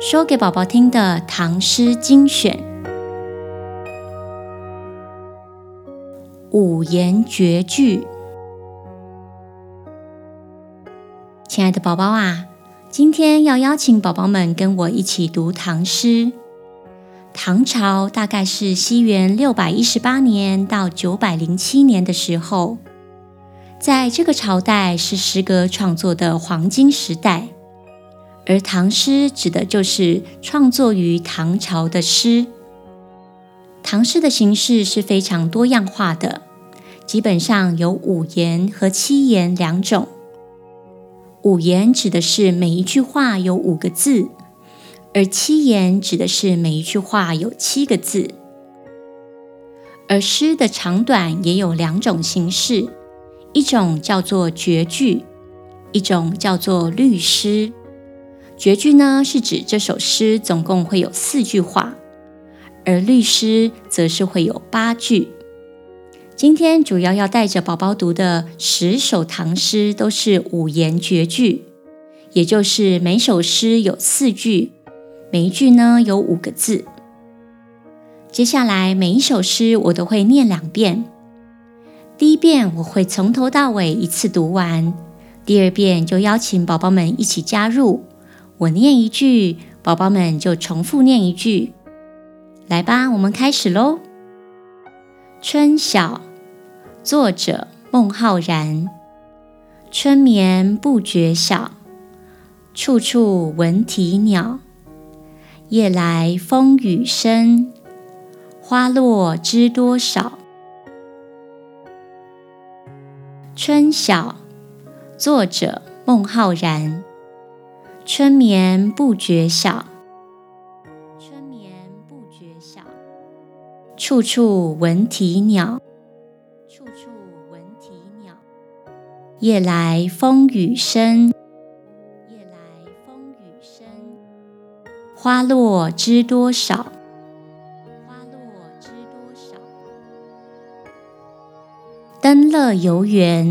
說給寶寶聽的唐詩精選五言絕句，親愛的寶寶啊，今天要邀請寶寶們跟我一起讀唐詩。唐朝大概是西元六百一十八年到九百零七年的時候，在這個朝代是詩歌創作的黃金時代。而唐詩指的就是創作於唐朝的詩。唐詩的形式是非常多樣化的，基本上有五言和七言兩種。五言指的是每一句話有五個字，而七言指的是每一句話有七個字。而詩的長短也有兩種形式，一種叫做絕句，一種叫做律詩。絕句呢，是指這首詩總共會有四句話，而律詩則是會有八句。今天主要要帶着寶寶讀的十首唐詩都是五言絕句，也就是每首詩有四句，每一句呢有五個字。接下來每一首詩我都會念兩遍，第一遍我會從頭到尾一次讀完，第二遍就邀請寶寶們一起加入。我念一句，寶寶們就重複念一句。來吧，我們開始嘍。《春曉》作者孟浩然。春眠不覺曉，處處聞啼鳥。夜來風雨聲，花落知多少？《春曉》作者孟浩然。春眠不覺曉，春眠不覺曉，處處聞啼鳥，處處聞啼鳥，夜來風雨聲，夜來風雨聲，花落知多少，花落知多少。《登樂遊原》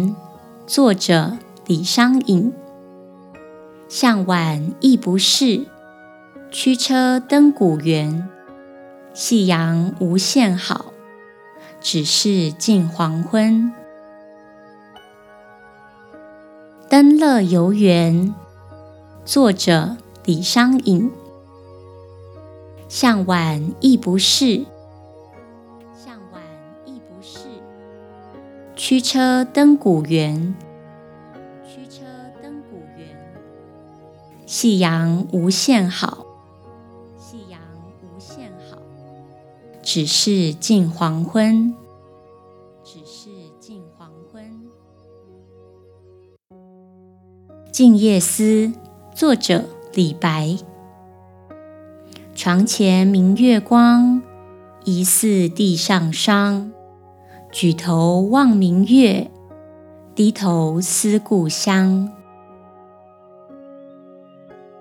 作者李商隱。向晚意不適，驅車登古原。夕陽無限好，只是近黃昏。《登樂遊原》作者李商隱。向晚意不適，向晚意不適。驅車登古原，驅車登古原。夕陽無限好，夕陽無限好，只是近黃昏。只是近黃昏。《靜夜思》作者李白。床前明月光，疑是地上霜。舉頭望明月，低頭思故鄉。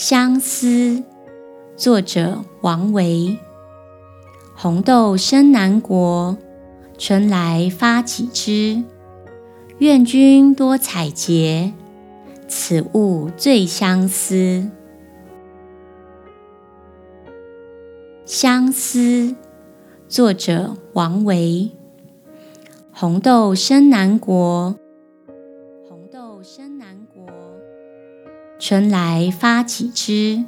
相思，作者王維。紅豆生南國，春來發幾枝。願君多采擷，此物最相思。相思，作者王維。紅豆生南國。春來發幾枝，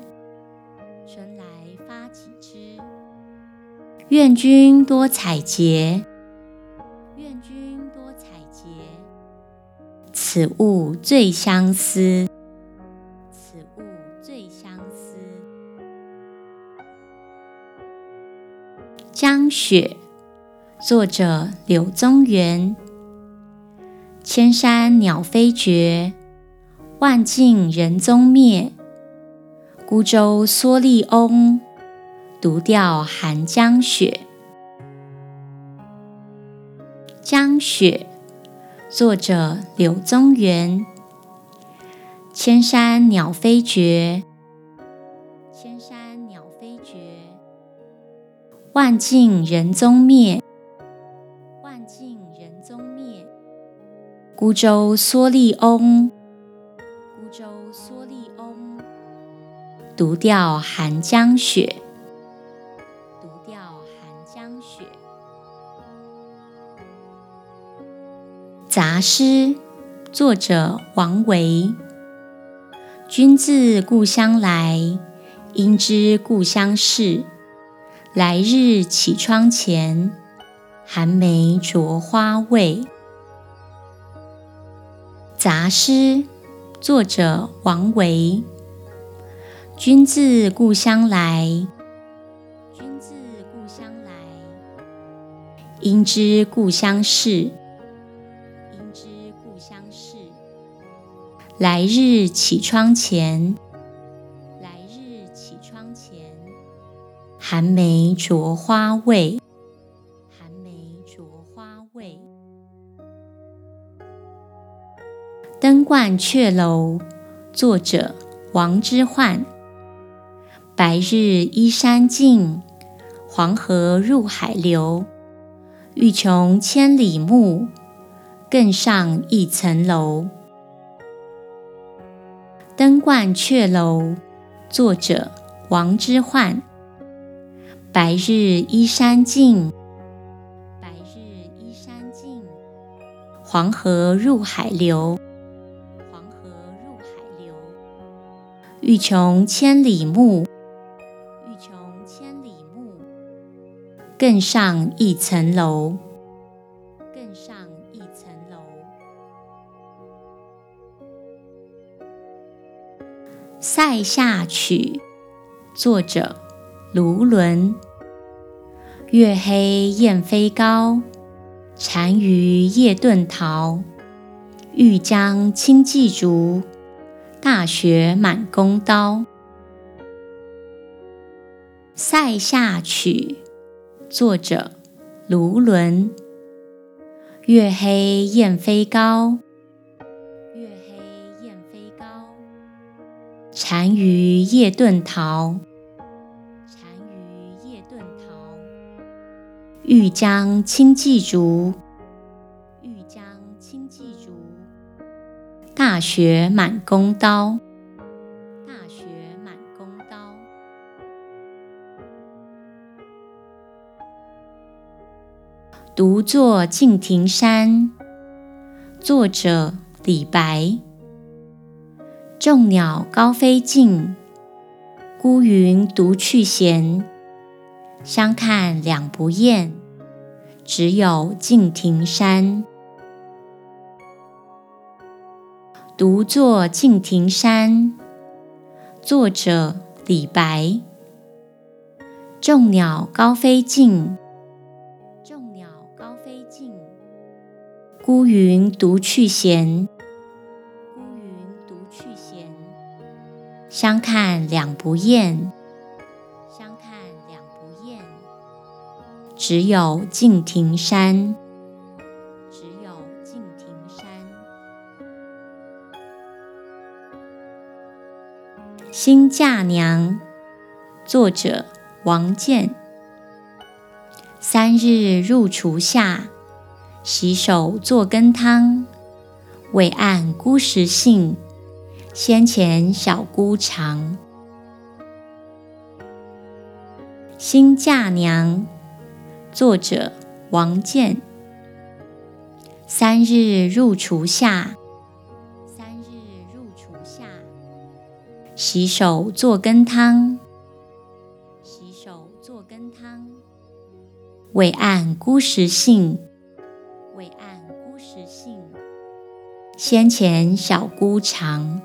春來發幾枝。願君多採擷，願君多採擷。此物最相思，此物最相思。《江雪》作者柳宗元。千山鳥飛絕。萬徑人蹤滅，孤舟蓑笠翁，獨釣寒江雪。《江雪》作者柳宗元。千山鳥飛絕，千山鳥飛絕，萬徑人蹤滅，萬徑人蹤滅，孤舟蓑笠翁。獨釣寒江雪。獨釣寒江雪。雜詩，作者王維。君自故鄉來，應知故鄉事。來日綺窗前，寒梅著花未？雜詩，作者王維。君自故鄉來，君自故鄉來，應知故鄉事，應知故鄉事。來日綺窗前，來日綺窗前，寒梅著花未？寒梅著花未？《登鸛雀樓》作者王之渙。白日依山盡，黃河入海流。欲窮千里目，更上一層樓。《登鸛雀樓》作者王之渙。白日依山盡，白日依山盡，黃河入海流，黃河入海流。欲窮千里目。更上一層樓。更上一層樓。《塞下曲》作者：盧綸。月黑雁飛高，單於夜遁逃。欲將輕騎逐，大雪滿弓刀。《塞下曲》。作者：盧綸。月黑雁飛高，月黑雁飛高。單於夜遁逃，單於夜遁逃。欲將輕騎逐，欲將輕騎逐。大雪滿弓刀。獨坐敬亭山，作者李白。眾鳥高飛盡，孤雲獨去閒。相看兩不厭，只有敬亭山。獨坐敬亭山，作者李白。眾鳥高飛盡。孤雲獨去閒，孤雲獨去閒。相看兩不厭，相看兩不厭。只有敬亭山，只有敬亭山。新嫁娘，作者王建。三日入廚下。洗手作羹湯，未諳姑食性，先遣小姑嘗，新嫁娘。作者王建。三日入廚下，三日入廚下。洗手作羹湯，洗手作羹湯。未諳姑食性。未諳姑食性，先遣小姑嘗。